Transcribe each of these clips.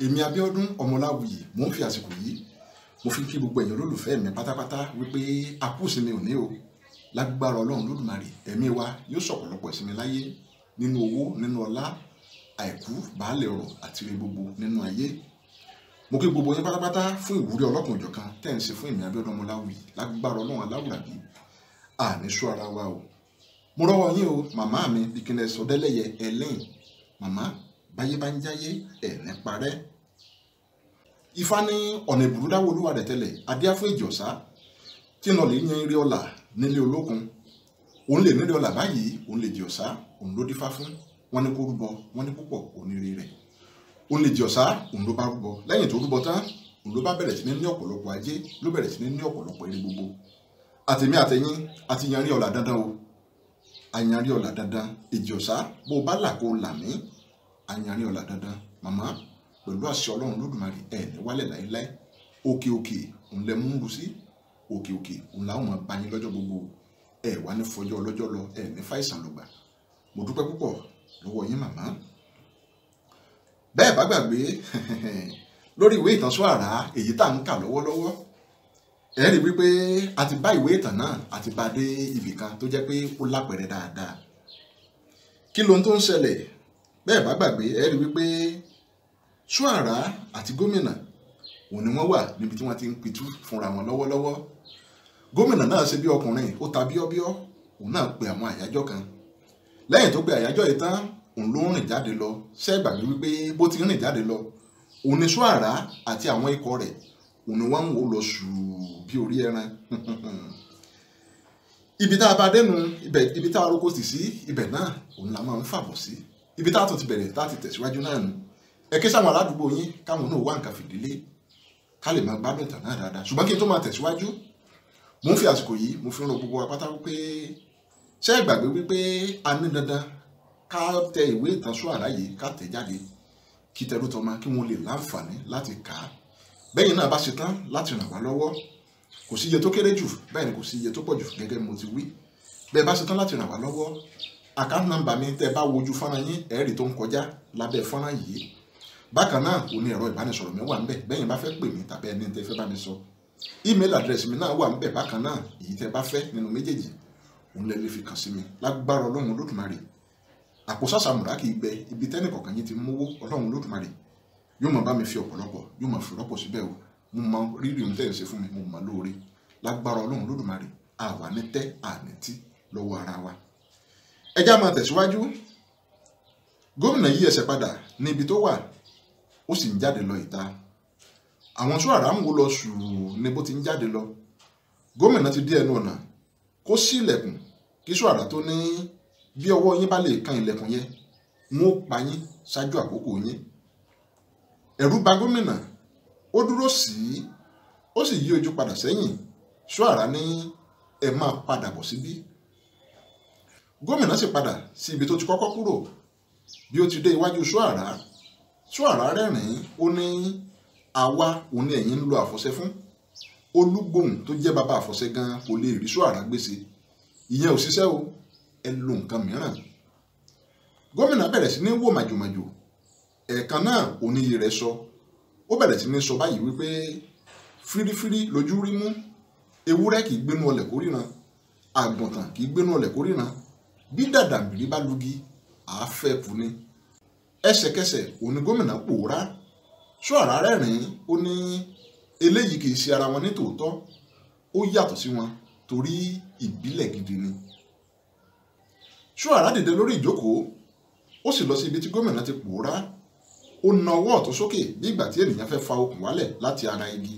èmi Abíọ́dún Ọmọláwuyì mò ń fi àsìkò yìí mo fi kí gbogbo ẹ̀yin olólùfẹ́ mi pátápátá wípé àkú ìsinmi òní o lágbára Ọlọ́run lódùmarè ẹ̀mí wa yóò sọ̀pọ̀lọpọ̀ ìsinmi láyé nínú owó nínú ọlá àìkú baálẹ̀ ọ̀rọ̀ àti ire gbogbo nínú ayé mo kí gbogbo yín pátápátá fún ìwúrí ọlọ́kan òjọ̀kan tẹ́ ń ṣe fún èmi Abíọ́dún Ọmọláwuyì lágbára Ọlọ́run aláwùrabí àní sú ara wa o mo rọ́wọ́ yín o màmá mi Dickiness Ọdẹ́lẹ́yẹ ẹlẹ́yìn màmá báyé bá ń jáyé ẹ̀rín parẹ́. ifá ní ọ̀nà ìbùrú dáwọ́ olúwa rẹ̀ tẹ́lẹ̀ adíáfó ìjọ̀sá tí ń lọ lè yan eré ọ̀la nílé olókun òun lè nílé ọ̀la báyìí òun lè jọ̀sá òun ló dífá fún wọn ní kó rúbọ wọn ní púpọ̀ onírè rẹ̀ òun lè jọ̀sá òun ló bá rúbọ lẹ́yìn tó rúbọ tán òun ló bá bẹ̀rẹ̀ sí ní ọ̀pọ̀lọpọ̀ ajé ló bẹ̀rẹ̀ sí ní ọ̀pọ̀lọpọ̀ eré gbogbo àtẹ̀mí àtẹ̀yìn àti yanrí ọ̀la dandan o àyanrí ọ̀la dandan ìjọ̀sá bó o bá là kó o ayanrin ọ̀la dandan màmá pẹ̀lú àṣẹ ọlọ́run lódùmarè ẹ̀ ní wálẹ̀ láéláé òkè òkè òun lẹ mú un rú sí òkè òkè òun làwọn máa bá yín lọ́jọ́ gbogbo ẹ̀ wá ní fọjọ́ ọlọ́jọ́ lọ ẹ̀ ní fàìsàn lọ́gbà mo dúpẹ́ púpọ̀ lọ́wọ́ yín màmá bẹ́ẹ̀ bá gbàgbé lórí ìwé ìtàn Soara èyí tá à ń kà lọ́wọ́lọ́wọ́ ẹ rí wípé a ti bá ìwé ìtàn náà a ti bá dé ibì kan tó jẹ́ pé ó lápẹ̀rẹ̀ dáadáa kí lohun tó ń ṣẹlẹ̀ bẹ́ẹ̀ bá gbàgbé ẹ rí wípé ṣúàrá àti gómìnà òun ni wọ́n wà níbi tí wọ́n ti ń pitú fúnra wọn lọ́wọ́lọ́wọ́ gómìnà náà ṣe bí ọkùnrin ó ta bíọ́bíọ́ òun náà pe àwọn àyájọ́ kan lẹ́yìn tó pe àyájọ́ yìí tán òun ló ń rìn jáde lọ ṣe gbàgbé wípé bó ti ń rìn jáde lọ òun ni ṣúàrá àti àwọn ikọ̀ rẹ̀ òun ni ń wò lọ sùúrù bí orí ẹran ibi tá a bá dẹnu ibi tá a roko sì sí ibẹ̀ náà òun la ń fàbọ̀ sí. Si ibi táàtò ti bẹ̀rẹ̀ táàtì tẹ̀síwájú náà nù ẹ ké sáwọn aládùúgbò yín káwọn náà wá nǹkan fìdílé ká lè máa gbádùn ìtàn náà dáadáa ṣùgbọ́n kí n tó máa tẹ̀síwájú mo ń fi àsìkò yìí mo fi ń ràn gbogbo wa wípé ṣé ẹ wípé a ní dandan ká tẹ ìwé ìtàn Ṣóárà yìí ká tẹ̀ jáde kí tẹrú tọmọ kí wọ́n lè láǹfààní láti kà á bẹ́yìn náà bá ṣe tán láti ràn wá lọ́wọ́ kò sí iye tó kéré jù bẹ́ẹ̀ ni kò sí iye tó pọ̀ jù gẹ́gẹ́ mo ti wí bẹ́ẹ̀ bá ṣe tán láti ràn wá lọ́wọ́ àkáǹtì nọ́mbà mi tẹ́ ẹ bá wojú fọ́nrán yín ẹ̀rí tó ń kọjá lábẹ́ fọ́nrán yìí bákan náà òní ẹ̀rọ ìbánisọ̀rọ̀ mi wà ńbẹ̀ bẹ́yìn bá fẹ́ pè mí tàbí ẹni tẹ́ fẹ́ bá mi sọ email address mi náà wà ńbẹ̀ bákan náà èyí tẹ́ bá fẹ́ nínú méjèèjì òun lẹ lè fi kàn sí mi lágbára ọlọ́run lódùmarè àpò sàṣàmùrà kì í gbẹ ibi tẹ́nì kọ̀ọ̀kan yín ti mówó ọlọ́run lódùmarè yóò máa bá mi fi ọ̀pọ̀lọpọ̀ yóò máa fi rọ́pò síbẹ̀ o mo mọ rírì ohun ẹ̀ ṣe fún mi mo mọ lóore lágbára ọlọ́run lódùmarè àwa ní tẹ́ àní tí lọ́wọ́ ara wa ẹjá máa tẹ̀síwájú gómìnà yí ẹsẹ̀ padà ní ibi tó wà ó sì ń jáde lọ ìta àwọn sọ àràmù wo lọ sùúrù ni bó ti ń jáde lọ gómìnà ti dé ẹnu ọ̀nà kó sí ilẹ̀kùn kí sọ àrà tó ní bí ọwọ́ yín bá lè kan ilẹ̀kùn yẹn wọn ó pa yín ṣáájú àkókò yín ẹ̀rù bà gómìnà ó dúró sí i ó sì yí ojú padà sẹ́yìn sọ ní ẹ máa padà bọ̀ síbí. Si gómìnà sì padà sí ibi tó ti kọ́kọ́ kúrò bí ó ti dé iwájú ṣọ́ara ṣọ́ara rẹ́rìn-ín ó ní àwa òun ni ẹ̀yin ń lo àfọ̀ṣẹ fún olúgbòhùn tó jẹ́ bàbá àfọ̀ṣẹ gan kò lè rí ṣọ́ara gbèsè ìyẹn ò ṣiṣẹ́ o ẹ lo nǹkan mìíràn gómìnà bẹ̀rẹ̀ sí ní wò màjòmàjò ẹ̀ẹ̀kan náà oníyì rẹ̀ sọ ó bẹ̀rẹ̀ sí ní sọ báyìí wípé fírífírí lójú rí mú ewúrẹ́ kì í gbénu ọlẹ̀ kórìíran àgùntàn kì í gbénu ọlẹ̀ kórìíran bí dàdàmìlì bá lugi àáfẹ́kù ni ẹsẹ̀kẹsẹ̀ òní gómìnà pòórá ṣọ́ọ̀rá rẹ́rìn-ín ó ní eléyìí kì í ṣe ara wọn ní tòótọ́ ó yàtọ̀ sí wọn torí ìbílẹ̀ gidi ni ṣọ́ọ̀rá dìde lórí ìjókòó ó sì lọ sí ibi tí gómìnà ti pòórá ó na ọwọ́ ọ̀tún sókè bí ìgbà tí ènìyàn fẹ́ fa okùn wálẹ̀ láti ara igi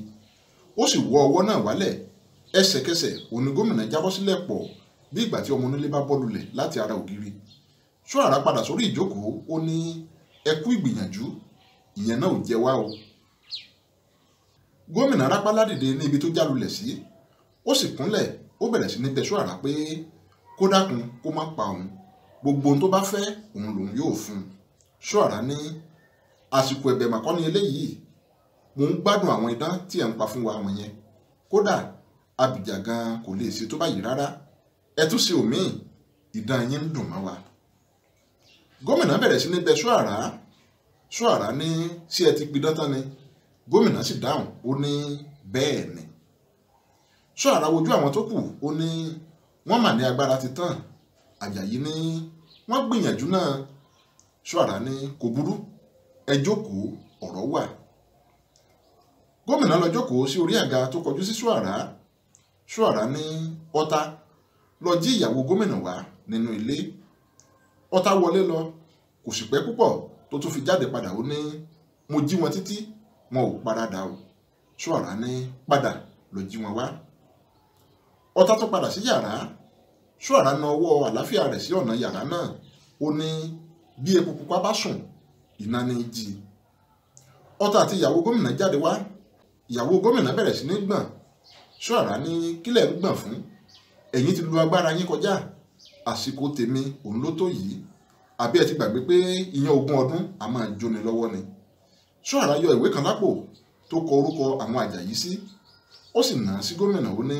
ó sì wọ ọwọ́ náà wálẹ̀ ẹsẹ̀kẹsẹ̀ òní gómìnà jábọ́ sílẹ̀ pọ̀ bí ìgbà tí ọmọ onílé bá bọ́ lulẹ̀ láti ara ògiri ṣọ́ra padà sórí ìjókòó ó ní ẹ ìgbìyànjú ìyẹn náà ò jẹ wá o gómìnà rápálá dìde ní ibi tó jálulẹ̀ sí ó sì kúnlẹ̀ ó bẹ̀rẹ̀ sí ní bẹ̀ ṣọ́ra pé kó dákun kó má pa òun gbogbo ohun tó bá fẹ́ òun lòun yóò fún un ṣọ́ra ní àsìkò ẹ̀bẹ̀ màkọ́ni eléyìí mò ń gbádùn àwọn idán tí ẹ̀ ń pa fún wa wọ̀nyẹn kódà abìjà gan kò lè ṣe tó báyìí rárá ẹ tún ṣe òmíì ìdá yín ń dùn mọ́ wa gómìnà bẹ̀rẹ̀ sí ní bẹ ṣọ́ara ṣọ́ara ní ṣé ẹ ti pidán tán ni gómìnà sì dáhùn ó ní bẹ́ẹ̀ ni ṣọ́ara wojú àwọn tó kù ó ní wọ́n mà ní agbára ti tán àjàyí ní wọ́n gbìyànjú náà ṣọ́ara ní kò burú ẹ jókòó ọ̀rọ̀ wà gómìnà lọ jókòó sí orí àga tó kọjú sí ṣọ́ara ṣọ́ara ní ọ̀tá lọ jí ìyàwó gómìnà wá nínú ilé ọ̀tá wọlé lọ kò sì pẹ́ púpọ̀ tó tún fi jáde padà ó ní mo jí wọn títí wọn ò paradà o ṣọ́ra ní padà lọ jí wọn wá ọ̀tá tó padà sí yàrá ṣọ́ra na ọwọ́ àlàáfíà rẹ̀ sí ọ̀nà yàrá náà ó ní bí epo pupa bá sùn iná ní í jí ọ̀tá àti ìyàwó gómìnà jáde wá ìyàwó gómìnà bẹ̀rẹ̀ sí ní gbọ̀n ṣọ́ra ní kílẹ̀ ń gbọ̀n fún ẹ̀yin ti lu agbára yín kọjá àsìkò tèmi òun ló tó yìí àbí ẹ ti gbàgbé pé ìyẹn ogún ọdún a máa jóni lọ́wọ́ ni ṣọ́ọ̀rá yọ ìwé kan lápò tó kọ orúkọ àwọn àjàyí sí ó sì nà á sí gómìnà ó ní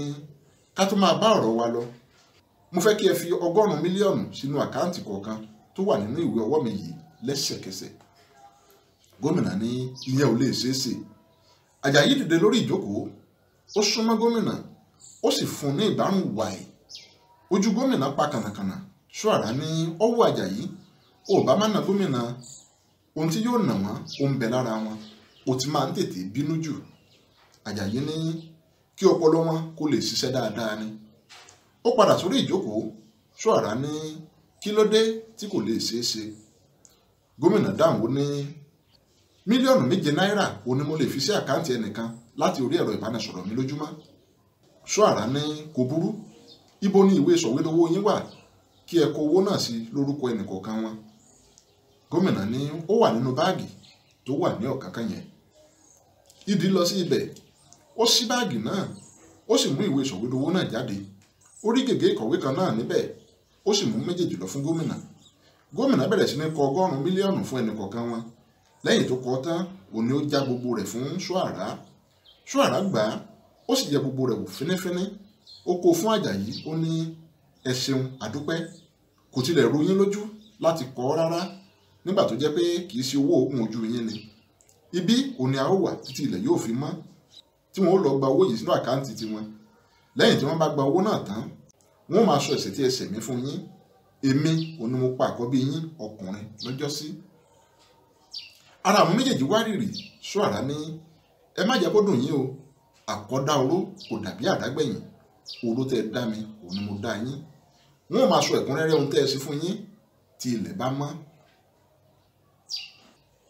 ká tó máa bá ọ̀rọ̀ wa lọ mo fẹ́ kí ẹ fi ọgọ́rùn-ún mílíọ̀nù sínú àkáǹtì kọ̀ọ̀kan tó wà nínú ìwé ọwọ́ mi yìí lẹ́sẹ̀kẹsẹ̀ gómìnà ní ìyẹn ò lè ṣeé ṣe àjàyí dìde lórí ìjókòó ó súnmọ́ gómìnà ó sì fún un ní ìdáhùn wàyí ojú gómìnà pa kànàkànà ṣọ́ọ̀rá ní ọwọ́ Àjàyí Obama na gómìnà ohun tí yóò nà wọ́n ó ń bẹ lára wọn ó ti máa ń tètè bínú jù Àjàyí ní kí ọpọlọ wọn kó lè ṣiṣẹ́ ni ó padà sórí ìjókòó ṣọ́ọ̀rá ní kí ló dé tí kò lè ṣeé ṣe gómìnà dáhùn ní mílíọ̀nù méje náírà mo lè fi sí àkáǹtì ẹnìkan láti orí ẹ̀rọ ìbánisọ̀rọ̀ mi lójúmọ́ ṣọ́ara ní kò burú ibo ni ìwé sọ̀wédowó yín wà kí ẹ kó owó náà sí lórúkọ ẹnìkọ̀ọ̀kan wọn gómìnà ni ó wà nínú báàgì tó wà ní ọ̀kánkán yẹn ìdí lọ sí ibẹ̀ ó sí báàgì náà ó sì mú ìwé sọ̀wédowó náà jáde ó rí gègé ìkọ̀wé kan náà níbẹ̀ ó sì mú méjèèjì lọ fún gómìnà gómìnà bẹ̀rẹ̀ sí kọ ọgọ́rùn-ún mílíọ̀nù fún ẹnìkọ̀ọ̀kan wọn lẹ́yìn tó tán òní ó gbogbo rẹ̀ fún ṣọ́ara ṣọ́ara ó sì yẹ gbogbo rẹ̀ wò fínífíní ó kó fún Àjàyí ó ní ẹ ṣeun àdúpẹ́ kò tilẹ̀ ro yín lójú láti kọ́ rárá nígbà tó jẹ́ pé kì í ṣe owó oògùn ojú yín ni ibi òní a ó wà títí ilẹ̀ yóò fi mọ́ tí wọ́n ó lọ gba owó yìí sínú àkáǹtì tiwọn lẹ́yìn tí wọ́n bá gba owó náà tán wọ́n máa sọ ẹ̀ṣẹ̀ tí ẹ ṣẹ̀ fún yín èmi òní mo pa àkọ́bí yín ọkùnrin lọ́jọ́sí ara àwọn méjèèjì wárìrì ṣọ́ àrá ní ẹ má jẹ́ kó dùn yín o àkọ́dá oró kò dàbí àdágbẹ̀yìn oró tẹ́ dá mi òun ni mo dá yín wọn ò máa sọ ẹ̀kúnrẹ́rẹ́ ohun tẹ́ ẹ sí fún yín tí ilẹ̀ bá mọ́.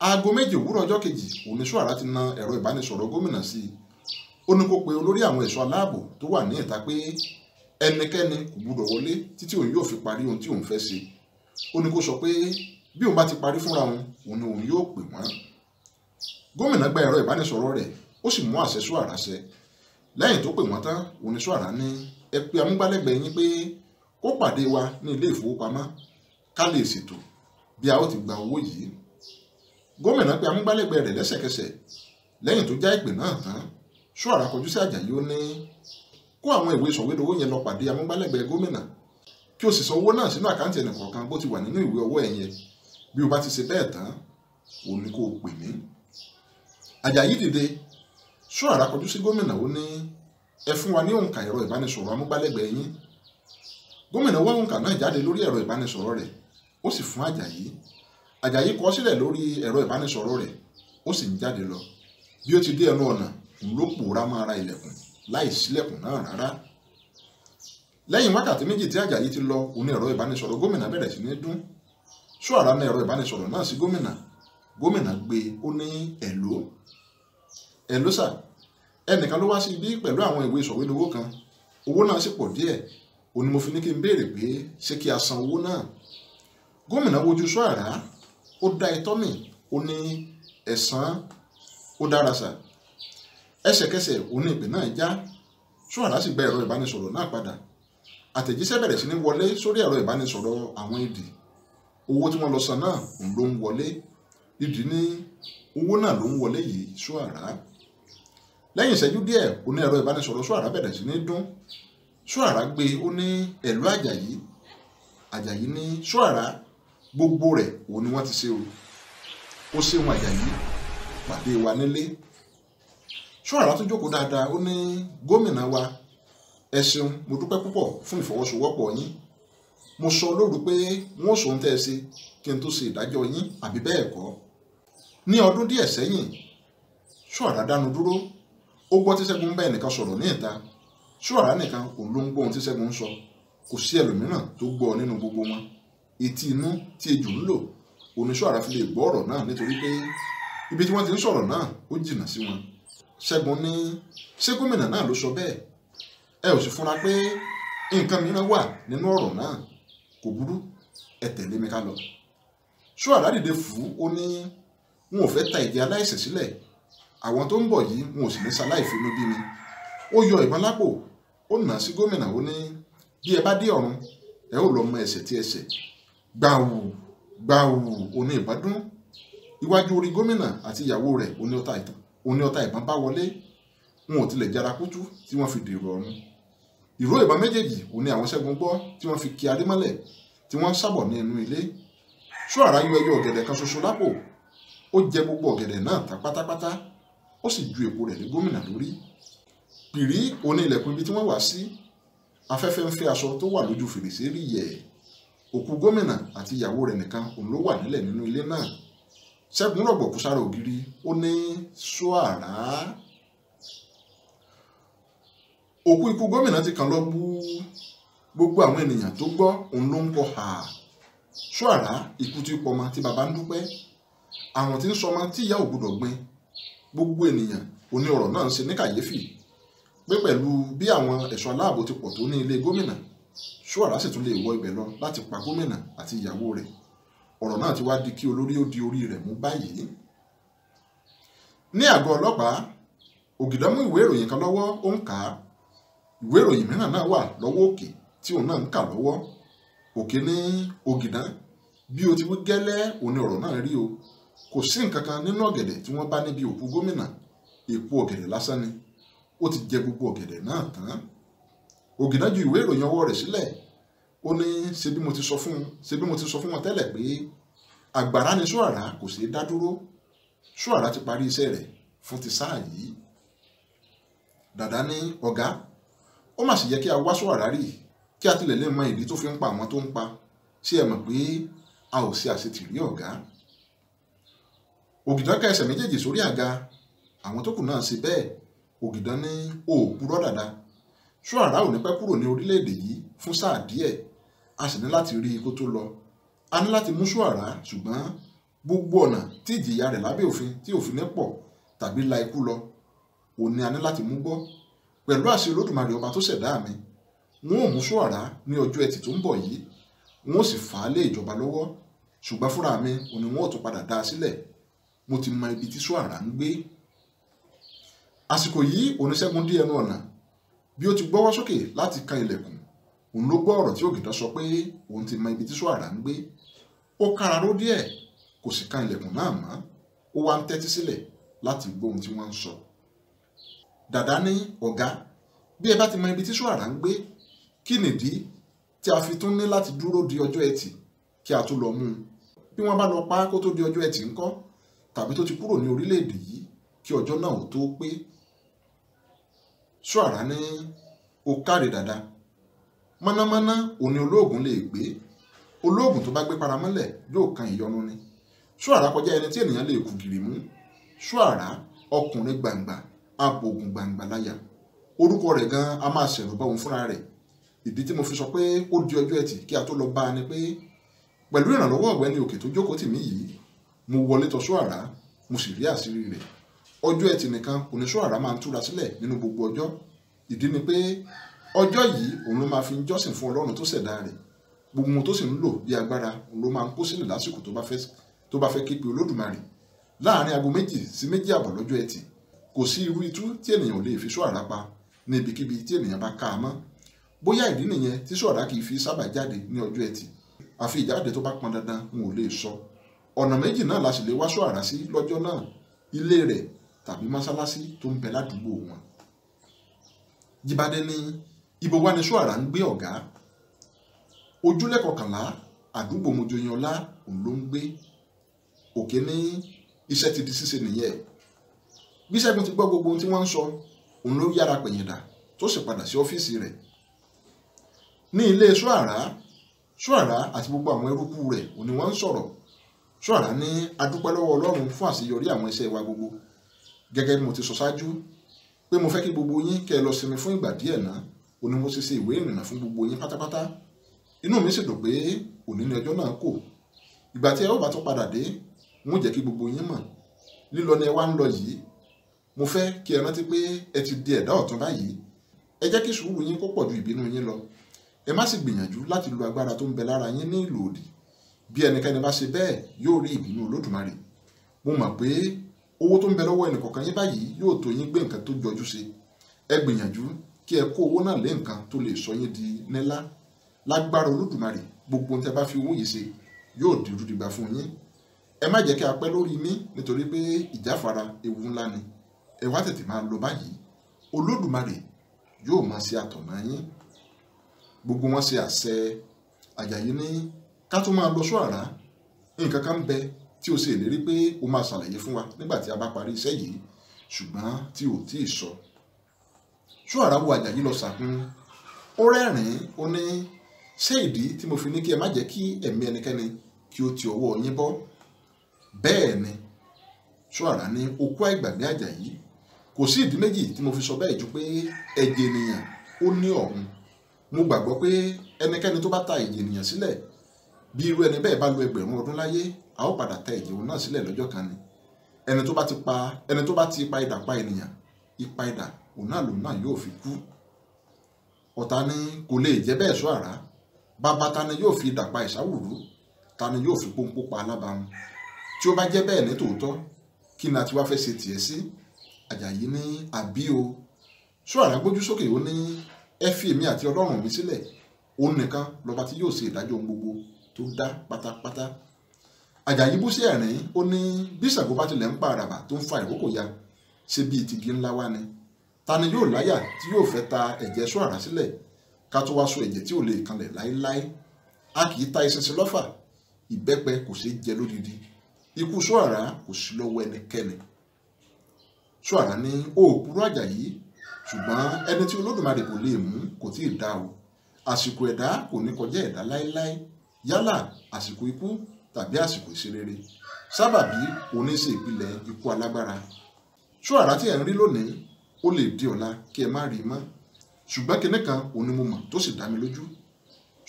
aago méje òwúrọ̀ ọjọ́ kejì oníṣọ́ àrà ti na ẹ̀rọ ìbánisọ̀rọ̀ gómìnà sí i ó ní kó pe olórí àwọn ẹ̀ṣọ́ aláàbò tó wà ní ìta pé ẹnikẹ́ni kò gbúdọ̀ wọlé títí òun yóò fi parí ohun tí òun fẹ́ ṣe ó ní kó sọ pé bí òun bá ti parí fúnra òun òun ni òun yóò pè wọ́n gómìnà gba ẹ̀rọ ìbánisọ̀rọ̀ rẹ̀ ó sì mú àṣẹ Ṣóárà ṣẹ lẹ́yìn tó pè wọ́n tán òní Ṣóárà ní ẹ pé amúgbálẹ́gbẹ̀ẹ́ yín pé kó pàdé wa ní ilé ìfowópamọ́ ká lè ṣètò bí a ó ti gba owó yìí gómìnà pé amúgbálẹ́gbẹ̀ẹ́ rẹ̀ lẹ́sẹ̀kẹsẹ̀ lẹ́yìn tó já ìpè náà tán Ṣóárà kọjú sí Àjàyí ó ní kó àwọn ìwé sọ̀wédowó yẹn lọ pàdé amúgbálẹ́gbẹ̀ẹ́ gómìnà kí o sì san owó náà sínú àkáǹtì ẹnìkọ̀ọ̀kan bó ti wà nínú ìwé ọwọ́ ẹ̀yẹ bí o bá ti ṣe bẹ́ẹ̀ tán òun ni kó pè mí Àjàyí dìde ṣúrara kọjú sí gómìnà ó ní ẹ fún wa ní òǹkà ẹ̀rọ ìbánisọ̀rọ̀ amúgbálẹ́gbẹ̀ẹ́ yín gómìnà wá òǹkà náà jáde lórí ẹ̀rọ ìbánisọ̀rọ̀ rẹ̀ ó sì fún àjàyí àjàyí kọ sílẹ̀ lórí ẹ̀rọ ìbánisọ̀rọ̀ rẹ̀ ó sì ń jáde lọ bí ó ti dé ẹnu ọ̀nà òun ló pòórá ilẹ̀kùn láì sílẹ̀kùn náà rárá lẹ́yìn wákàtí méjì tí àjàyí ti lọ òun ẹ̀rọ ìbánisọ̀rọ̀ gómìnà bẹ̀rẹ̀ sí ní dún ara ní ẹ̀rọ ìbánisọ̀rọ̀ náà sí gómìnà ẹlọ́sà ẹnìkan ló wá sí ibí pẹ̀lú àwọn ìwé sọ̀wédowó kan owó náà sì pọ̀ díẹ̀ ó ní mo fi ní kí n béèrè pé ṣé kí a san owó náà gómìnà wojú sọ àrá ó dá itọ́ mì ó ní ẹ̀sán ó dára sà ẹsẹ̀kẹsẹ̀ ó ní ìpè náà já sọ àrá sì gba ẹ̀rọ ìbánisọ̀rọ̀ náà padà àtẹ̀jíṣẹ́ bẹ̀rẹ̀ sí ní wọlé sórí ẹ̀rọ ìbánisọ̀rọ̀ àwọn ìdì owó tí wọ́n lọ san náà òun ló ń wọlé ìdí ní owó náà ló ń wọlé yìí sọ So lẹ́yìn ìṣẹ́jú díẹ̀ ó ní ẹ̀rọ ìbánisọ̀rọ̀ Ṣóàrà bẹ̀rẹ̀ sí ní dún Ṣóàrà gbé ó ní ẹ̀lú Àjàyí Àjàyí ní Ṣóàrà gbogbo rẹ̀ òun ni wọ́n ti ṣe o ó ṣeun Àjàyí pàdé wa nílé Ṣóàrà tó jókòó dáadáa ó ní gómìnà wa ẹ ṣeun mo dúpẹ́ púpọ̀ fún ìfọwọ́sowọ́pọ̀ yín mo sọ lóru pé wọn ò sòun tẹ́ ẹ ṣe kí n tó ṣe ìdájọ́ yín àbí bẹ́ẹ̀ kọ́ ní ọdún díẹ̀ sẹ́yìn Ṣóàrà dánu dúró ó gbọ́ tí Ṣẹ́gun ń bá ẹnìkan sọ̀rọ̀ ní ìta ṣùọ̀rá nìkan òun ló ń gbọ́ ohun tí Ṣẹ́gun ń sọ kò sí ẹlòmíràn tó gbọ́ ọ nínú gbogbo wọn etí inú tí ejò ń lò oníṣọ́ra fi lè gbọ́ ọ̀rọ̀ náà nítorí pé ibi tí wọ́n ti ń sọ̀rọ̀ náà ó jìnnà sí wọn Ṣẹ́gun ní ṣé gómìnà náà ló sọ bẹ́ẹ̀ ẹ ò sì fúnra pé nǹkan mìíràn wà nínú ọ̀rọ̀ náà kò burú ẹ tẹ̀lé mi ká lọ ṣọ́ra dìde fún ó ní wọn ò fẹ́ ta ìdí aláìsẹ̀ sílẹ̀ àwọn tó ń bọ̀ yìí wọn ò sì ní ṣaláì fínú bí mi ó yọ ìbọn lápò ó nà sí gómìnà ó ní bí ẹ bá dé ọ̀run ẹ ó lọ mọ ẹsẹ̀ tí ẹsẹ̀ gbàù gbàù òní ìbádún iwájú orí gómìnà àti ìyàwó rẹ̀ òní ọta ìtàn òní ọta ìbọn bá wọlé wọn ò tilẹ̀ jara kútú tí wọ́n fi dèrò ọ̀run ìró ìbọn méjèèjì òní àwọn ṣẹ́gun gbọ́ tí wọ́n fi kí adé mọ́lẹ̀ tí wọ́n sábọ̀ ní inú ilé ṣó àráyọ ẹyọ ọ̀gẹ̀dẹ̀ kan ṣoṣo lápò ó jẹ gbogbo ọ̀gẹ̀dẹ̀ náà tá pátápátá ó sì ju èpo rẹ̀ lé gómìnà lórí pìrí òní ilẹ̀kùn ibi tí wọ́n wà sí afẹ́fẹ́ ń fẹ́ aṣọ tó wà lójú fèrèsé rí yẹ̀ òkú gómìnà àti ìyàwó rẹ̀ nìkan òun ló wà nílẹ̀ nínú ilé náà ṣẹ́gun rọ̀gbọ̀kú sára ògiri ó ní ṣọ́àrá òkú ikú gómìnà ti kàn lọ bú gbogbo àwọn ènìyàn tó gbọ́ òun ló ń kọ hà ṣọ́àrá ikú tí pọmọ tí baba ń dúpẹ́ àwọn tí ń sọmọ tí ìyá ò gbin gbogbo ènìyàn òní ọ̀rọ̀ náà ń ṣe ní kàyéfì pé pẹ̀lú bí àwọn ẹ̀ṣọ́ aláàbò ti pọ̀ tó ní ilé gómìnà ṣúwàrà sì tún lè wọ ibẹ̀ lọ láti pa gómìnà àti ìyàwó rẹ̀ ọ̀rọ̀ náà ti wá di kí olórí ó di orí rẹ̀ mú báyìí. ní àgọ́ ọlọ́pàá ògìdá mú ìwé ìròyìn kan lọ́wọ́ ó ń kà á ìwé ìròyìn mìíràn náà wà lọ́wọ́ òkè tí òun náà ń kà lọ́wọ́ òkè ní ògìdá bí o ti wí gẹ́lẹ́ òní ọ̀rọ̀ náà rí o kò sí nǹkan kan nínú ọ̀gẹ̀dẹ̀ tí wọ́n bá níbi òkú gómìnà èpo ọ̀gẹ̀dẹ̀ lásán ni ó ti jẹ gbogbo ọ̀gẹ̀dẹ̀ náà tán Ògìná ju ìwé ìròyìn ọwọ́ rẹ̀ sílẹ̀ ó ní ṣe bí mo ti sọ fún ṣe bí mo ti sọ fún wọn tẹ́lẹ̀ pé àgbàrá ni ṣọ́ọ̀rá kò ṣeé dá dúró ṣọ́ọ̀rá ti parí iṣẹ́ rẹ̀ fún ti sáà yìí dàdá ní ọ̀gá ó mà sì yẹ kí a wá ṣọ́ọ̀rá rí kí a tilẹ̀ lè mọ ìdí tó fi ń pa àwọn tó ń pa ṣé ẹ mọ̀ pé a ò ṣe àṣetìrí ọ̀gá ògìdán ka ẹsẹ̀ méjèèjì sórí àga àwọn tó kù náà ṣe bẹ́ẹ̀ ògìdán ní òòpùrọ́ dàda ṣóàrá ò ní pẹ́ kúrò ní orílẹ̀-èdè yìí fún sáà díẹ̀ a sì ní láti rí i kó tó lọ a ní láti mú ṣóàrá ṣùgbọ́n gbogbo ọ̀nà tí ìjìyà rẹ̀ lábẹ́ òfin tí òfin ní pọ̀ tàbí la ikú lọ òun ni a ní láti mú gbọ́ pẹ̀lú àṣẹ olódùmarè ọba tó ṣẹ̀dá mi wọn ò mú ṣóàrá ní ọjọ́ ẹtì tó ń bọ̀ yìí wọn ò sì fà á lé ìjọba lọ́wọ́ ṣùgbọ́n fúnra mi òun wọn ò tún padà dá a sílẹ̀ mo ti mọ ibi tí Soara ń gbé àsìkò yìí oníṣègùn dí ẹnu ọ̀nà bí ó ti gbọ́wọ́ sókè láti kan ilẹ̀kùn òun ló gbọ́ ọ̀rọ̀ tí ògìdán sọ pé òun ti mọ ibi tí Soara ń gbé ó kára ró díẹ̀ kò sì kan ilẹ̀kùn náà mọ́ ó wá ń tẹ́tí sílẹ̀ láti gbọ́ ohun tí wọ́n ń sọ dàdá ní ọ̀gá bí ẹ bá ti mọ ibi tí Soara ń gbé kí nìdí tí a fi tún ní láti dúró di ọjọ́ ẹtì kí a tó lọ mú un bí wọ́n bá lọ pa kó tó di ọjọ́ ẹtì ńkọ́ tàbí tó ti kúrò ní orílẹ̀-èdè yìí kí ọjọ́ náà ó tó pé ṣọ́ara ní o káre dáadáa mọ́námọ́ná òní olóògùn lè gbé olóògùn tó bá gbé paramọ́lẹ̀ yóò kan ìyọnu ni ṣọ́ara kọjá ẹni tí ènìyàn lè kú gìrì mú ṣọ́ara ọkùnrin gbàǹgbà apòògùn gbàǹgbà láyà orúkọ rẹ̀ gan a máa ṣẹ̀rù bá òun fúnra rẹ̀ ìdí tí mo fi sọ pé ó di ọjọ́ ẹtì kí a tó lọ bá a ni pé pẹ̀lú ìrànlọ́wọ́ ọ̀gbẹ́ni òkè tó jókòó tì mí yìí mo wọlé tọ̀ Ṣóàrà mo sì rí àṣírí rẹ̀ ọjọ́ ẹtì nìkan òní Ṣóàrà máa ń túra sílẹ̀ nínú gbogbo ọjọ́ ìdí ni pé ọjọ́ yìí òun ló máa fi ń jọ́sìn fún Ọlọ́run tó ṣẹ̀dá rẹ̀ gbogbo ohun tó sì ń lò bí agbára òun ló máa ń kó sílẹ̀ lásìkò tó bá fẹ́ képe Olódùmarè láàárín aago méjì sí méjì àbọ̀ lọ́jọ́ ẹtì kò sí irú itú tí ènìyàn lè fi Ṣóàrà pa ní ibikíbi tí ènìyàn bá ká a mọ́ bóyá ìdí nìyẹn tí Ṣóàrà kì í fi sábà jáde ní ọjọ́ ẹtì àfi ìjáde tó bá pọn dandan n ò lè sọ ọ̀nà méjì náà la sì lè wáṣọ àrà sí lọ́jọ́ náà ilé rẹ̀ tàbí mọ́sálásí tó ń bẹ ládùúgbò wọn. Jíbádé ní ibo wá ni ṣọ́ara ń gbé ọ̀gá ojúlé kọkànlá àdúgbò mojoyinọlá òun ló ń gbé òkè ní iṣẹ́ ti di ṣíṣe nìyẹn bí Ṣẹ́gun ti gbọ́ gbogbo ohun tí wọ́n ń sọ òun ló yára pẹ̀yìndà tó sì padà sí ọ́fíìsì rẹ̀ ní ilé ṣọ́ara ṣọ́ara àti gbogbo àwọn ẹrúkú rẹ̀ òun ni wọ́n ń sọ̀rọ̀ ṣọ́ra ní adúpẹ́ lọ́wọ́ ọlọ́run fún àṣeyọrí àwọn iṣẹ́ wa gbogbo gẹ́gẹ́ bí mo ti sọ ṣáájú pé mo fẹ́ kí gbogbo yín kẹ́ ẹ lọ sinmi fún ìgbà díẹ̀ náà òní mo ti ṣe ìwé ìrìnnà fún gbogbo yín pátápátá inú mi sì dùn pé òní ni ọjọ́ náà kò ìgbà tí ẹ ó bá tún padà dé n ó jẹ́ kí gbogbo yín mọ̀ lílọ ni ẹ wá ń lọ yìí mo fẹ́ kí ẹ rántí pé ẹ ti di ẹ̀dá ọ̀tún báyìí ẹ jẹ́ kí sùúrù yín kó pọ̀ ju ìbínú yín lọ ẹ má sì gbìyànjú láti lo agbára tó ń bẹ lára yín ní ìlòdì bí ẹnikẹ́ni bá ṣe bẹ́ẹ̀ yóò rí ìbínú olódùmarè mo mọ̀ pé owó tó ń bẹ lọ́wọ́ ẹnìkọ̀ọ̀kan yín báyìí yóò tó yín gbé nǹkan tó jọjú ṣe ẹ gbìyànjú kí ẹ kó owó náà lé nǹkan tó lè sọ yín di nílá lágbára olódùmarè gbogbo ohun tí a bá fi owó yìí ṣe yóò dìrú dìgbà fún yín ẹ má jẹ́ kí a pẹ́ lórí mi nítorí pé ìjáfara ewu ńlá ni ẹ wá tètè máa lọ báyìí olódùmarè yóò máa ṣe àtọ̀nà yín gbogbo wọn ṣe àṣẹ àjàyí ní ká tó máa lọ sọ àrá nǹkan kan bẹ o sì lérí pé o máa ṣàlàyé fún wa nígbà tí a bá parí iṣẹ́ yìí ṣùgbọ́n tí o tí ì sọ. sọ wo àjàyí lọ sàkún ó rẹ́rìn-ín ó ní ṣé ìdí tí mo fi ní kí ẹ má jẹ́ kí ẹ̀mí ẹnikẹ́ni kí ó ti ọwọ́ yín bọ́ ni sọ àrá ní okú àìgbàgbé àjàyí kò sí ìdí méjì tí mo fi sọ bẹ́ẹ̀ ju pé ẹ̀jẹ̀ ènìyàn ó ní ọ̀hún mo gbàgbọ́ pé ẹnikẹ́ni tó ta ẹ̀jẹ̀ ènìyàn bí irú ẹni bẹ́ẹ̀ bá lo ẹgbẹ̀rún ọdún láyé a ó padà tẹ ìjẹun náà sílẹ̀ lọ́jọ́ kan ni ẹni tó bá ti pa ẹni tó bá ti ipa idà pa ènìyàn ipa idà òun náà lòun náà yóò fi kú ọ̀tá ni kò lè jẹ́ bẹ́ẹ̀ sọ àrá bàbá ta ni yóò fi idà pa ìsáwùrú ta ni yóò fi pọ́npọ́ pa alábàámu tí ó bá jẹ́ bẹ́ẹ̀ ní tòótọ́ kí ni a ti wá fẹ́ ṣe tiẹ̀ sí àjàyí ní àbí o sọ àrá gbójú sókè ó ní ẹ fi èmi àti ọlọ́run mi sílẹ̀ òun nìkan lọ́ba tí yóò ṣe ìdájọ́ gbogbo tó dá pátápátá Àjàyí bú sí ẹ̀rín ó ní bí Ṣàngó bá tilẹ̀ ń pa àràbà tó ń fa ìkókò ya ṣe bí ìtìgì ńlá wá ni ta ni yóò láyà tí yóò fẹ́ ta ẹ̀jẹ̀ sọ àrà sílẹ̀ ká tó wá so ẹ̀jẹ̀ tí ò lè kanlẹ̀ láéláé a kì í ta eṣinṣin lọ́fà ìbẹ́pẹ kò ṣeé jẹ lódidi ikú sọ àrà kò sí lọ́wọ́ ẹnikẹ́ni sọ àrà ní òòpùrọ̀ Àjàyí ṣùgbọ́n ẹni tí Olódùmarè kò lè mú kò tí dá o àsìkò ẹ̀dá kò ní kọjá ẹ̀dá láéláé yálà àsìkò ikú tàbí àsìkò ìṣerere sábàbí oníṣe ìpìlẹ̀ ikú alágbára ṣó àrà tí ẹ̀ ń rí lónìí ó lè di ọ̀la kí ẹ má rí i mọ́ ṣùgbọ́n kinní kan òun ni mo mọ̀ tó sì dá mi lójú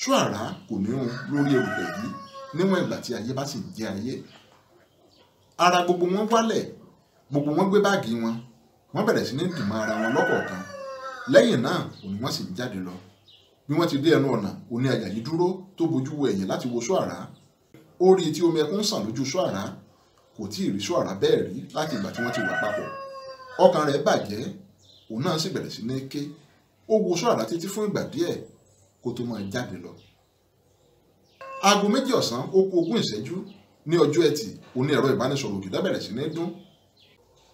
ṣó àrà kò ní run lórí erùpẹ̀ yìí níwọ̀n ìgbà tí ayé bá sì ń jẹ́ ayé ara gbogbo wọn wálẹ̀ gbogbo wọn gbé báàgì wọn wọ́n bẹ̀rẹ̀ sí ní dìmọ̀ ara wọn lọ́kọ̀ọ̀kan lẹ́yìn náà òun wọ́n sì ń jáde lọ bí wọ́n ti dé ẹnu ọ̀nà òní Àjàyí dúró tó bojú wo ẹ̀yìn láti wo Ṣóàrà ó rí tí omi ẹkún sàn lójú Ṣóàrà kò tí ì rí Ṣóàrà bẹ́ẹ̀ rí láti ìgbà tí wọ́n ti wà papọ̀ ọkàn rẹ̀ bàjẹ́ òun náà sì bẹ̀rẹ̀ sí ní ké ó wo Ṣóàrà títí fún ìgbà díẹ̀ kó tó máa jáde lọ. aago méjì ọ̀sán ó kù ogún ìṣẹ́jú ní ọjọ́ ẹtì òní ẹ̀rọ ìbánisọ̀rọ̀ ògìdá bẹ̀rẹ̀ sí ní dún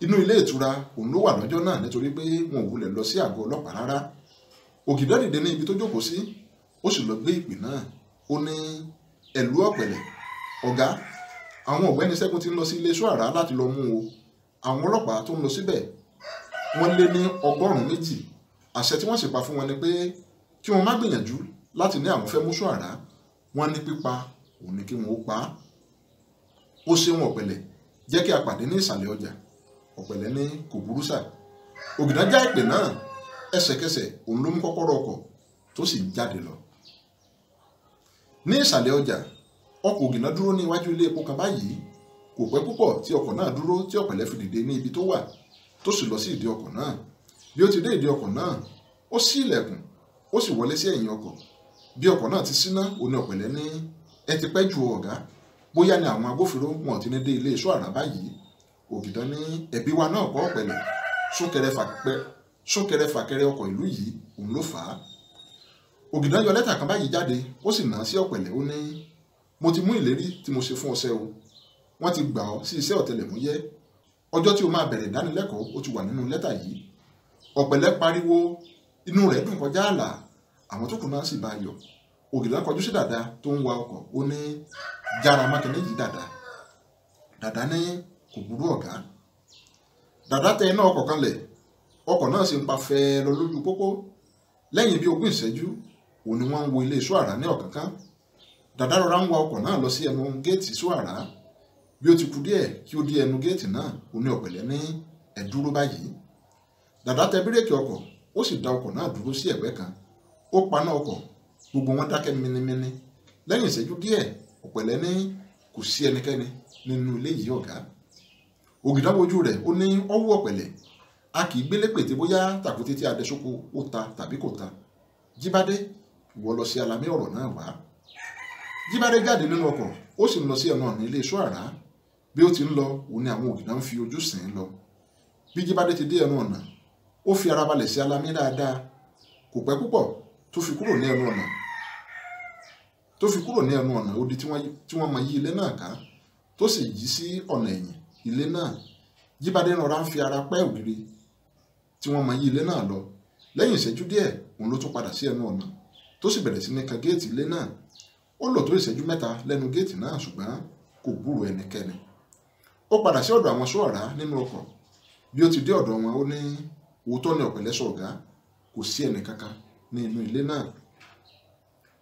inú ilé ìtura òun ló wà lọ́jọ́ náà nítorí pé wọn ò wulẹ̀ lọ sí àgọ́ ọlọ́pàá rárá ògìdá dìde ní ibi tó jókòó sí ó sì lọ gbé ìpè náà ó ní ẹ̀lú ọ̀pẹ̀lẹ̀ ọ̀gá àwọn ọ̀gbẹ́ni Ṣẹ́gun ti ń lọ sí ilé ṣọ́ara láti lọ mú o àwọn ọlọ́pàá tó ń lọ síbẹ̀ wọ́n lé ní ọgọ́rùn-ún méjì àṣẹ tí wọ́n sì pa fún wọn ni pé kí wọ́n má gbìyànjú láti ní àwọn fẹ́ mú ṣọ́ara wọ́n ní pípa òun ni kí wọ́n ó pa á ó ṣeun ọ̀pẹ̀lẹ̀ jẹ́ kí a pàdé ní ìsàlẹ̀ ọjà ọ̀pẹ̀lẹ̀ ní kò burú sà já ìpè náà ẹsẹ̀kẹsẹ̀ òun ló mú kọ́kọ́rọ́ ọkọ̀ tó sì jáde lọ. ní ìsàlẹ̀ ọjà ọkọ̀ ògìnà dúró ní iwájú ilé epo kan báyìí kò pẹ́ púpọ̀ tí ọkọ̀ náà dúró tí ọ̀pẹ̀lẹ̀ ibi tó wà tó sì lọ sí ìdí ọkọ̀ náà bí ó ti dé ìdí ọkọ̀ náà ó ṣí ilẹ̀kùn ó sì wọlé sí ẹ̀yìn ọkọ̀ bí ọkọ̀ náà ti síná òní ọ̀pẹ̀lẹ̀ ní ẹ ti pẹ́ ju ni àwọn agbófinró wọn ti ní dé ilé iṣọ́ àrà báyìí ògìdán ní ẹ̀bí wa náà kọ́ ọ̀pẹ̀lẹ̀ súnkẹrẹ fàkẹrẹ ọkọ̀ ìlú yìí òun ló fà á Ògìdán yọ lẹ́tà kan báyìí jáde ó sì nà á sí ọ̀pẹ̀lẹ̀ ó ní mo ti mú ìlérí tí mo ṣe fún ọṣẹ́ o wọ́n ti gbà ọ́ sí iṣẹ́ ọ̀tẹlẹ̀múyẹ́ ọjọ́ tí o máa bẹ̀rẹ̀ ìdánilẹ́kọ̀ọ́ ó ti wà nínú lẹ́tà yìí ọ̀pẹ̀lẹ̀ pariwo inú rẹ̀ dùn kọjá ààlà àwọn tó kù náà sì bá a yọ̀ kọjú sí dàda tó ń wa ọkọ̀ ó ní jára mákindé yìí dàda dàda ní kò burú ọ̀gá dàda tẹ iná ọkọ̀ kanlẹ̀ ọkọ̀ náà sì ń pa fẹ́ẹ́ lójú pópó lẹ́yìn bí ogún ìṣẹ́jú òun ni wọ́n ń wo ilé ṣọ́ara ní ọ̀kánkán dàdá rọra ń wa ọkọ̀ náà lọ sí ẹnu géètì ṣọ́ara bí ó ti kú díẹ̀ kí ó dé ẹnu géètì náà òun ni ọ̀pẹ̀lẹ̀ ní ẹ báyìí dàdá tẹ bírèkì ọkọ̀ ó sì da ọkọ̀ náà dúró sí ẹ̀gbẹ́ kan ó paná ọkọ̀ gbogbo wọn dákẹ́ minimini lẹ́yìn ìṣẹ́jú díẹ̀ ọ̀pẹ̀lẹ̀ ní kò sí ẹnikẹ́ni a kì í gbélé pète bóyá tàkúté tí adẹ́sókò ó ta tàbí kò ta jíbádé wọ́ lọ sí alamí ọ̀rọ̀ náà wá jíbádé jáde nínú ọkọ̀ ó sì ń lọ sí ọ̀nà ọ̀nà ilé iṣọ́ àrá bí ó ti ń lọ òun ni àwọn ògìnà ń fi ojú sìn ín lọ bí jíbádé ti dé ẹnu ọ̀nà ó fi ara balẹ̀ sí alamí dáadáa kò pẹ́ púpọ̀ tó fi kúrò ní ẹnu ọ̀nà tó fi kúrò ní ẹnu ọ̀nà odi tí wọ́n mọ yí ilé náà ká tó sì yí sí ọ̀nà ẹ̀yìn ilé náà jíbádé rọra ń fi ara pẹ́ ògiri tí wọ́n mọ yí ilé náà lọ lẹ́yìn ìṣẹ́jú díẹ̀ òun ló tún padà sí ẹnu ọ̀nà tó sì bẹ̀rẹ̀ sí ní kan géètì ilé náà ó lò tó ìṣẹ́jú mẹ́ta lẹ́nu géètì náà ṣùgbọ́n kò gbúròó ẹnikẹ́ni ó padà sí ọ̀dọ̀ àwọn ṣọ́ọ̀rá nínú ọkọ̀ bí ó ti dé ọ̀dọ̀ wọn ó ní òótọ́ ni ọ̀pẹ̀lẹ́ sọ ọ̀gá kò sí ẹnì ní inú ilé náà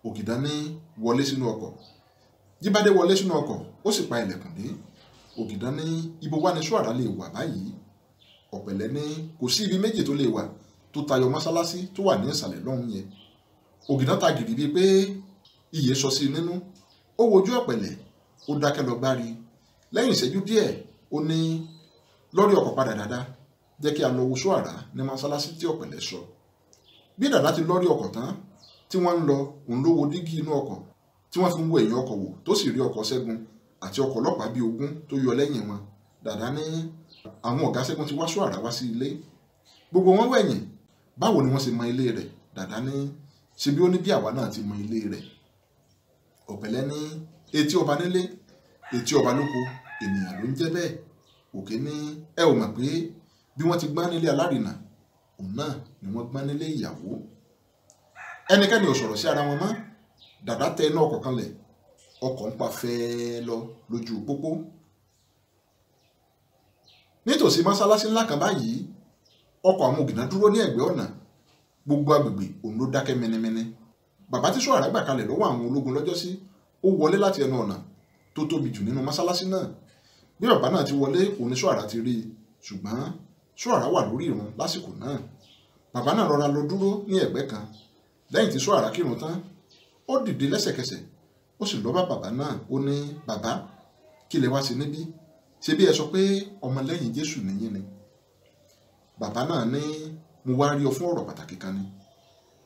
ògìdá ní wọlé sínú ọkọ̀ jíbádé wọlé sínú ọkọ̀ ó sì pa ilẹ̀kùn dé ògìdá ní ibo wá ni ṣọ́ọ̀rá lè wà báyìí ọ̀pẹ̀lẹ̀ ní kò sí ibi méjì tó lè wà tó tayọ mọ́sálásí tó wà ní ìsàlẹ̀ lọ́hùn yẹn ògìdá ta gìrì bíi pé iyè sọ sí i nínú ó wojú ọ̀pẹ̀lẹ̀ ó dákẹ́ lọ gbárí lẹ́yìn ìṣẹ́jú díẹ̀ ó ní lórí ọkọ̀ padà dáadáa jẹ́ kí a lọ wosó àrá ní mọ́sálásí tí ọ̀pẹ̀lẹ̀ sọ bí dàda ti lórí ọkọ̀ tán tí wọ́n ń lọ òun ló wo dígí inú ọkọ̀ tí wọ́n fi ń wo èèyàn ọkọ̀ wò tó sì rí ọkọ̀ Ṣẹ́gun àti ọkọ̀ ọlọ́pàá bíi ogún tó yọ lẹ́yìn wọn dàda ní àwọn ọ̀gá ṣẹ́gun ti wá sọ àrà wá sí ilé gbogbo wọn wẹ̀yìn báwo ni wọ́n ṣe mọ ilé rẹ̀ dàdá ní ṣe bí ó ní bí àwa náà ti mọ ilé rẹ̀ ọ̀pẹ̀lẹ́ ní etí ọba nílé etí ọba lóko ènìyàn ló ń jẹ́ bẹ́ẹ̀ òkè ní ẹ ò mọ̀ pé bí wọ́n ti gbá nílé alárìnà òun náà ni wọ́n gbá nílé ìyàwó ẹnikẹ́ni ò sọ̀rọ̀ sí ara wọn mọ́ dàdá tẹ inú ọkọ̀ kan lẹ̀ ọkọ̀ ń pa fẹ́ẹ́ lọ lójú pópó nítòsí mọ́sálásí ńlá kan báyìí ọkọ̀ àwọn ògìnà dúró ní ẹ̀gbẹ́ ọ̀nà gbogbo agbègbè òun ló dákẹ́ mẹnẹmẹnẹ bàbá tí sọ̀rọ̀ àgbà kalẹ̀ lọ́wọ́ àwọn ológun lọ́jọ́sí ó wọlé láti ẹnu ọ̀nà tó tóbi jù nínú mọ́sálásí náà bí bàbá náà ti wọlé òun ní sọ̀rọ̀ ti rí i ṣùgbọ́n sọ̀rọ̀ wà lórí ìrun lásìkò náà bàbá náà rọra lọ dúró ní ẹ̀gbẹ́ kan lẹ́yìn tí sọ̀rọ̀ kírun tán ó dìde lẹ́sẹ̀kẹsẹ̀ ó sì lọ bá bàbá náà ó ní bàbá kí lẹ wá sí níbí ṣe bí ẹ sọ pé ọmọlẹ́yìn Jésù nìyín ni bàbá náà ní mo wá rí ọ fún ọ̀rọ̀ pàtàkì kan ni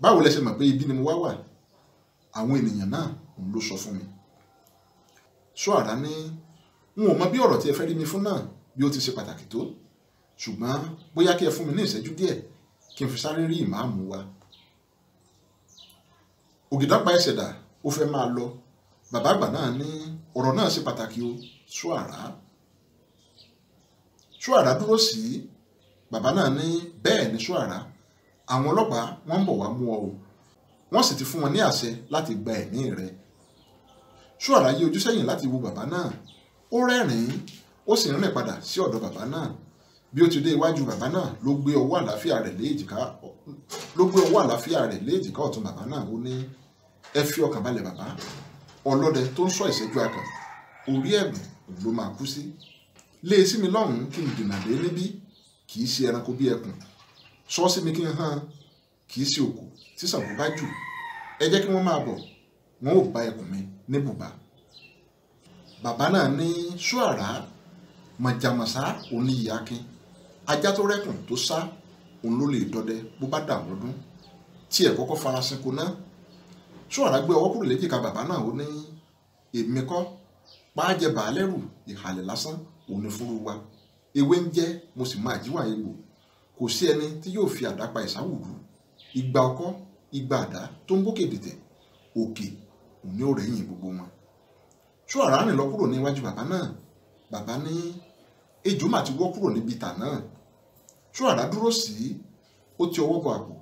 báwo lẹ ṣe mọ̀ pé ibi ni mo wá wà àwọn ènìyàn náà òun ló sọ fún mi ṣọ́ara ní n ò mọ bí ọ̀rọ̀ tí ẹ fẹ́ rí mi fún náà bí ó ti ṣe pàtàkì tó ṣùgbọ́n bóyá kí ẹ fún mi ní ìṣẹ́jú díẹ̀ kí n fi sáré rí ìmáàmù wa ògìdàpá ẹsẹ̀ dà ó fẹ́ máa lọ bàbá àgbà náà ní ọ̀rọ̀ náà ṣe pàtàkì o ṣọ́ara. So ṣùàrà dúró sí i bàbá náà ní bẹ́ẹ̀ ni ṣùàrà àwọn ọlọ́pàá wọ́n ń bọ̀ wá mú ọ o wọ́n sì ti fún wọn ní àṣẹ láti gba ẹ̀mí rẹ ṣùàrà yí ojú sẹ́yìn láti wo bàbá náà ó rẹ́rìn-ín ó sì rìn padà sí ọ̀dọ̀ bàbá náà bí ó ti dé iwájú bàbá náà ló gbé ọwọ́ àlàáfíà rẹ̀ lé èjìká ló gbé ọwọ́ àlàáfíà rẹ̀ lé èjìká ọ̀tún bàbá náà ó ní ẹ fi ọkàn balẹ̀ bàbá ọlọ́dẹ tó ń sọ ìṣẹ́jú akàn orí ẹ̀bùn ló máa kú sí lé sí mi lọ́hùn-ún kí n dènà dé níbí kì í ṣe ẹranko bí ẹkùn sọ sí mi kí n hàn kì í ṣe òkú tí Ṣàngó bá jù ẹ jẹ́ kí wọ́n máa bọ̀ wọn ò bá ẹkùn mi ní bùbá. bàbá náà ní ṣúàrá mọ̀jàmọ̀sá òní ìyá kin ajá tó rẹ́kùn tó sá òun ló lè dọdẹ bó bá dà lọ́dún tí ẹ̀ kọ́kọ́ farasin kò ṣúàrá gbé ọwọ́ kúrò léjìká bàbá náà ó ní èmi kọ́ pàájẹ bàálẹ́rù ìhàlẹ̀ lásán òun wa ewé ń jẹ́ mo sì máa jíwà egbò kò sí ẹni tí yóò fi àdá pa ìsáwùrú ìgbà oko ìgbà àdá tó ń bókè dìtẹ̀ òkè òun ni gbogbo wọn tú rìn lọ kúrò níwájú bàbá náà bàbá ní ejò ti wọ́ kúrò níbi tà náà tú àrá dúró sí i ó ti ọwọ́ bọ àpò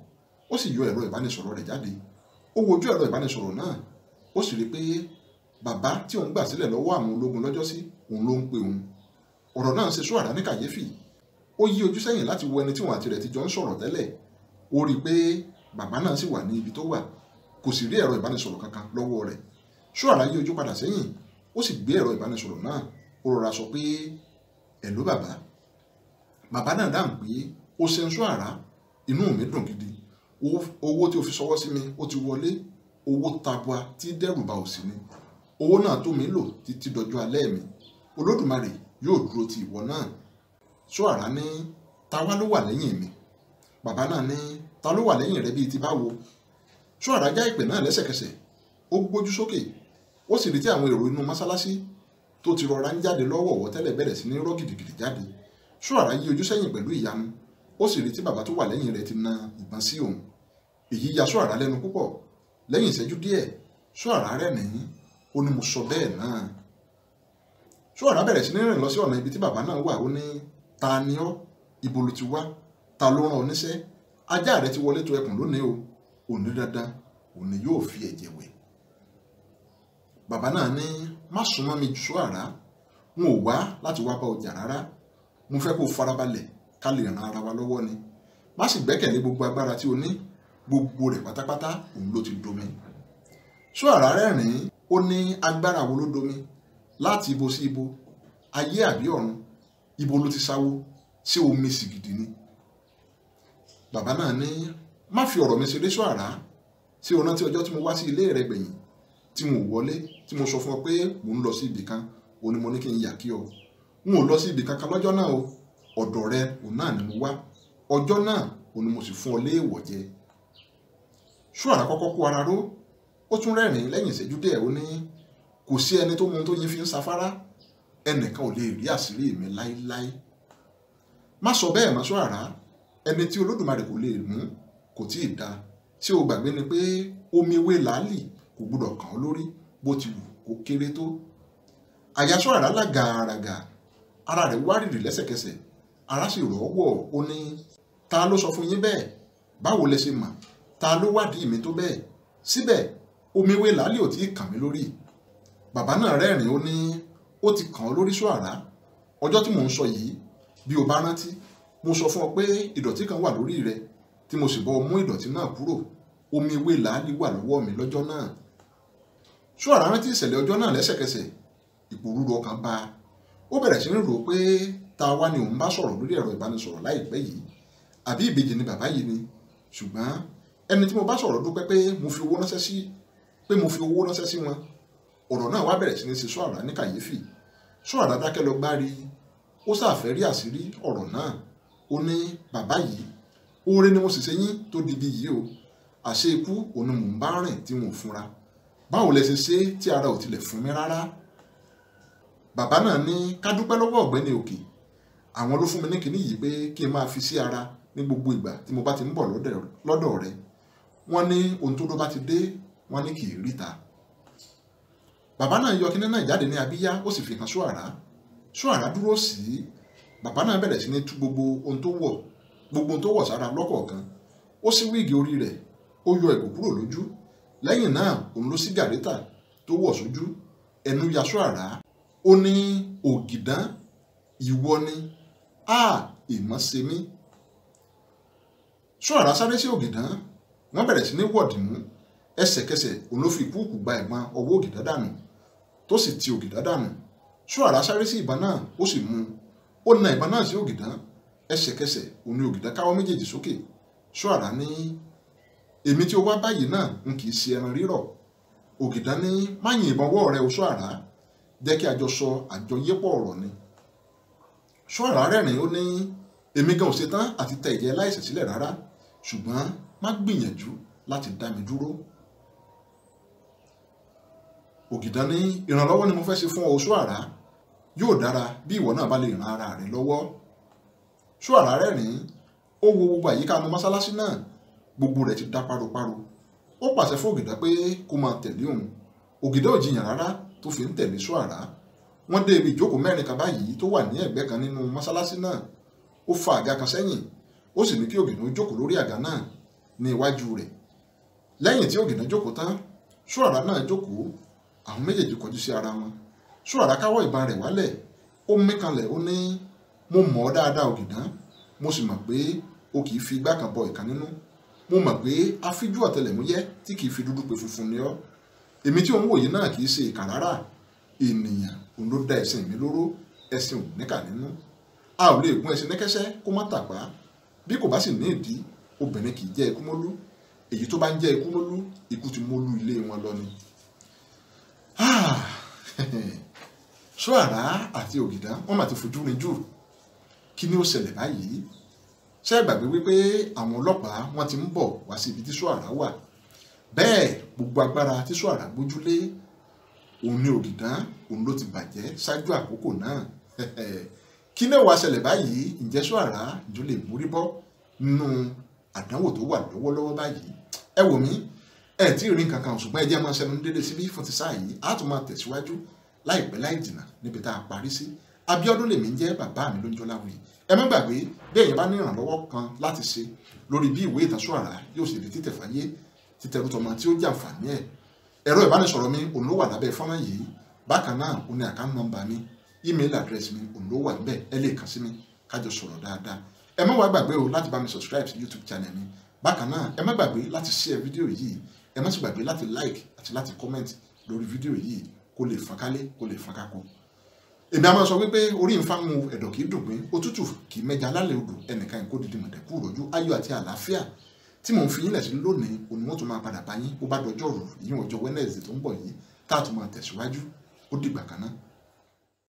ó sì yọ ẹ̀rọ ìbánisọ̀rọ̀ rẹ̀ jáde ó wojú ẹ̀rọ ìbánisọ̀rọ̀ náà ó sì rí i pé bàbá tí òun gbà sílẹ̀ lọ́wọ́ àwọn ológun lọ́jọ́sí òun ọ̀rọ̀ náà ṣe Sùàrà ní kàyéfì ó yí ojú sẹ́yìn láti wo ẹni tí wọn àti rẹ̀ ti jọ ń sọ̀rọ̀ tẹ́lẹ̀ ó rí i pé bàbá náà sì wà ní ibi tó wà kò sì rí ẹ̀rọ ìbánisọ̀rọ̀ kankan lọ́wọ́ rẹ̀ Sùàrà yí ojú padà sẹ́yìn ó sì gbé ẹ̀rọ ìbánisọ̀rọ̀ náà ó rọra sọ pé ẹ̀ló bàbá bàbá náà dáhùn pé ó ṣeun Sùàrà inú mi dùn gidi owó tí o fi ṣọwọ́ sí mi ó ti wọlé owó tabua tí dẹ́rù bà òṣì owó náà tó mi lò títí dọjọ́ alẹ́ mi olódùmarè yóò dúró ti ìwọ náà ṣó àrá ní ta wá ló wà lẹ́yìn mi bàbá náà ní ta ló wà lẹ́yìn rẹ bíi ti báwo ṣó àrá já ìpè náà lẹ́sẹ̀kẹsẹ̀ ó gbójú sókè ó sì rí tí àwọn èrò inú mọ́sálásí tó ti rọra ń jáde lọ́wọ́ ọ̀wọ́ tẹ́lẹ̀ bẹ̀rẹ̀ sí ní rọ́ gidigidi jáde ṣó yí ojú sẹ́yìn pẹ̀lú ìyanu ó sì rí bàbá tó wà lẹ́yìn rẹ̀ ti na ìbọn sí òun èyí ya ṣó lẹ́nu púpọ̀ lẹ́yìn ìṣẹ́jú díẹ̀ ṣó rẹ̀ nìyí ó ní mo sọ bẹ́ẹ̀ náà ṣọ́ọ̀rá bẹ̀rẹ̀ sí ní rìn lọ sí ọ̀nà ibi tí bàbá náà wà ó ní ta ni ọ́ ibo ti wá ta ló rán oníṣẹ́ ajá rẹ ti wọlé tó ẹkùn lónìí o òní dandan òní yóò fi ẹ̀jẹ̀ wẹ̀ bàbá náà ní má súnmọ́ mi jù láti wá bá ọjà rárá mo fẹ́ kó farabalẹ̀ ká lè ran ara wa gbogbo agbára tí o ní gbogbo rẹ̀ pátápátá òun ní agbára wo ló domi láti ibo sí ibo ayé àbí ọ̀run ibo ló ti sáwó ṣé omi sì gidi ni bàbá náà ní má fi ọ̀rọ̀ mi ṣeré sọ àrá ṣé o rántí ọjọ́ tí mo wá sí ilé rẹ gbẹ̀yìn tí mo wọlé tí mo sọ fún ọ pé mò ń lọ sí ibì kan o ní mo ní kí n yà kí ọ n ò lọ sí ibì kankan lọ́jọ́ náà o ọ̀dọ̀ rẹ òun náà ni mo wá ọjọ́ náà òun ni mo sì fún ọ léèwọ̀ jẹ ṣọ́ọ̀rà kọ́kọ́ kó ara ró ó tún rẹ́rìn lẹ́yìn ìṣẹ́jú díẹ̀ ó ní kò sí ẹni tó mọ ohun tó yin fi ń safárá ẹnìkan ò lè rí àṣírí mi láéláé má sọ bẹ́ẹ̀ má sọ àrá ẹni tí olódùmarè kò lè mú kò tí ì da tí o gbàgbé ni pé omi ewé làálì kò gbọdọ̀ kàn ọ́ lórí bó ti wù kó kéré tó àyàsọ àrá là gàràgà ara rẹ̀ wárìrì lẹ́sẹ̀kẹsẹ̀ ara sì rọ̀ ó ní ta ló sọ fún yín bẹ́ẹ̀ báwo lẹ ṣe mọ̀ ta ló wádìí mi tó bẹ́ẹ̀ síbẹ̀ omi ewé làálì ò tí kàn mí lórí bàbá náà rẹ́rìn ó ní ó ti kàn ọ́ lórí ṣọ́ara ọjọ́ tí mò ń sọ yìí bí o bá rántí mo sọ fún ọ pé ìdọ̀tí kan wà lórí rẹ tí mo sì bọ́ mú ìdọ̀tí náà kúrò omi ewé làálì wà lọ́wọ́ mi lọ́jọ́ náà ṣọ́ara rántí ìṣẹ̀lẹ̀ ọjọ́ náà lẹ́sẹ̀kẹsẹ̀ ìpòrúru ọkàn bá a ó bẹ̀rẹ̀ sí ní rò pé ta wá ni òun bá sọ̀rọ̀ lórí ẹ̀rọ ìbánisọ̀rọ̀ láìpẹ́ yìí àbí ìbejì ni bàbá yìí ni ṣùgbọ́n ẹni tí mo bá sọ̀rọ̀ dúpẹ́ pé mo fi owó ránṣẹ́ sí pé mo fi owó ránṣẹ́ sí wọn ọ̀rọ̀ náà wá bẹ̀rẹ̀ sí ní ṣe Ṣóàrà ní kàyéfì Ṣóàrà dákẹ́ lọ gbárí ó sàfẹ́ rí àṣírí ọ̀rọ̀ náà ó ní bàbá yìí oore ni mo sì ṣe yín tó dibi yìí o àṣé ikú òun ni mò ń bá rìn tí wọn ò funra báwo lẹ ṣe ṣe tí ara ò tilẹ̀ fún mi rárá bàbá náà ní ká dúpẹ́ lọ́wọ́ ọ̀gbẹ́ni òkè àwọn ló fún mi ní kinní yìí pé kí n máa fi sí ara ní gbogbo ìgbà tí mo bá ti ń bọ̀ lọ́dọ̀ rẹ wọ́n ní ohun tó dó bá ti dé wọ́n ní kì í ríta bàbá náà yọ kíní náà jáde ní abíyá ó sì fi hàn ṣọ́ara ṣọ́ara dúró sí i bàbá náà bẹ̀rẹ̀ sí ní tú gbogbo ohun tó wọ̀ gbogbo ohun tó wọ̀ sára lọ́kọ̀ọ̀kan ó sí wíìgì orí rẹ̀ ó yọ ẹ̀kú kúrò lójú lẹ́yìn náà òun ló sí gàrétà tó wọ̀ sójú ẹnu ya ṣọ́ara ó ní ògìdán ìwọ ni a ìmọ̀ ṣe mí ṣọ́ara sáré sí ògìdán wọ́n bẹ̀rẹ̀ sí ní wọ̀dìmú ẹsẹ̀kẹsẹ̀ òun ló fi kúùkù gba ẹ̀gbọ́n ọwọ́ ògìdán dànù tó sì ti ògìdá dànù ṣúàrà sáré sí ìbá náà ó sì mú un ó na ìbá náà sí ògìdá ẹsẹ̀kẹsẹ̀ ni ògìdá méjèèjì sókè ṣúàrà ní èmi tí o wá báyìí náà n kì í ṣe ẹran rírọ ògìdá ní o ni ṣúàrà ó ní èmi gan ò ṣetán àti tẹ ìjẹ ògìdán ní ìrànlọ́wọ́ ni mo fẹ́ ṣe fún ọ ṣọ́ara yóò dára bí ìwọ náà bá lè ran ara rẹ lọ́wọ́ ṣọ́ara rẹ́rìn-ín ó wo gbogbo àyíká nu mọ́ṣáláṣí náà gbogbo rẹ ti dá páropáro ó pàṣẹ fún ògìdán pé kó máa tẹ̀lé òun ògìdán ò jiyàn rárá tó fi ń tẹ̀lé ṣọ́ara wọ́n dé ibi ìjókòó mẹ́rin kan báyìí tó wà ní ẹ̀gbẹ́ kan nínú mọ́ṣáláṣí náà ó fa àga kan sẹ́yìn ó sì ní kí ògìdán jókòó lórí àga náà ní iwájú rẹ̀ lẹ́yìn tí ògìdán jókòó tán ṣọ́ara náà jókòó àwọn méjèèjì kọjú sí ara wọn ṣúràdá káwọ́ ìbọn rẹ̀ wálẹ̀ ó mí kanlẹ̀ ó ní mo mọ̀ ọ́ dáadáa ògìdán mo sì mọ̀ pé o kì í fi igbá kan bọ ìkan nínú mo mọ̀ pé afíjú ọ̀tẹlẹ̀múyẹ́ tí kì í fi dúdú pe funfun ni ọ́ èmi tí òun wòye náà kì í ṣe ìkà rárá ènìyàn òun ló da ẹ̀sìn mi lóró ẹ̀sìn òun níkà nínú a ò lè gún ẹṣin nẹ́kẹ́sẹ́ kó má tàpá bí kò bá sì ní ìdí obìnrin kì í jẹ́ ikú mólú èyí tó bá ń jẹ́ ikú mólú ikú ti mólú ilé wọn lọ ni. Ah! ṣọ́ara àti ògìdá wọ́n mà ti fojú rin jù kí ni ó ṣẹlẹ̀ báyìí ṣé ẹ gbàgbé wípé àwọn ọlọ́pàá wọ́n ti ń bọ̀ wá sí ibi tí ṣọ́ara wà bẹ́ẹ̀ gbogbo agbára tí ṣọ́ara gbójúlé òun ni ògìdá òun ló ti bàjẹ́ ṣáájú àkókò náà kí ni ó wá ṣẹlẹ̀ báyìí ǹjẹ́ ṣọ́ara ìjọ lè mórí bọ́ nínú àdánwò tó wà lọ́wọ́lọ́wọ́ báyìí ẹ wò mí ẹ tí ì rí nǹkan kan ṣùgbọ́n ẹ jẹ́ máa ṣẹnu dédé síbí fún ti sáà yìí á tún máa tẹ̀síwájú láìpẹ́ láì jìnnà níbi tá a parí sí Abíọ́dún lèmi ń jẹ́ bàbá mi ló ń Jọláwuyì ẹ má gbàgbé bí èèyàn bá ní ìrànlọ́wọ́ kan láti ṣe lórí bí ìwé ìtasùn àrà yóò ṣe lè títẹ̀ fàyè títẹ̀rùtọ̀mọ tí ó jàǹfààní ẹ̀ ẹ̀rọ ìbánisọ̀rọ̀ mi òun ló wà lábẹ́ fọ́nrán yìí bákan náà òun ni àkáǹtì nọ́mbà mi email address mi òun ló wà níbẹ̀ ẹ lè kàn sí mi kájọ sọ̀rọ̀ dáadáa ẹ má wá gbàgbé o láti bá mi subscribe sí YouTube channel mi bákan náà ẹ má gbàgbé láti share fídíò yìí ẹ má ṣe gbàgbé láti like àti láti comment lórí fídíò yìí kó lè fàkálé kó lè fàkákó èmi a máa sọ wípé orí ń fáwọn ẹ̀dọ̀ kì í dùn pé òtútù kì í mẹ́ja lálẹ́ odò ẹnìkan ìkó dìde mọ̀tẹ́kù rọ̀jú ayọ̀ àti àlàáfíà tí mò ń fi yín lẹ̀ sí lónìí òní wọ́n tún máa padà bá yín bó bá dọjọ́ rò yín ọjọ́ Wednesday tó ń bọ̀ yìí tá a tún máa tẹ̀síwájú ó dìgbà kan náà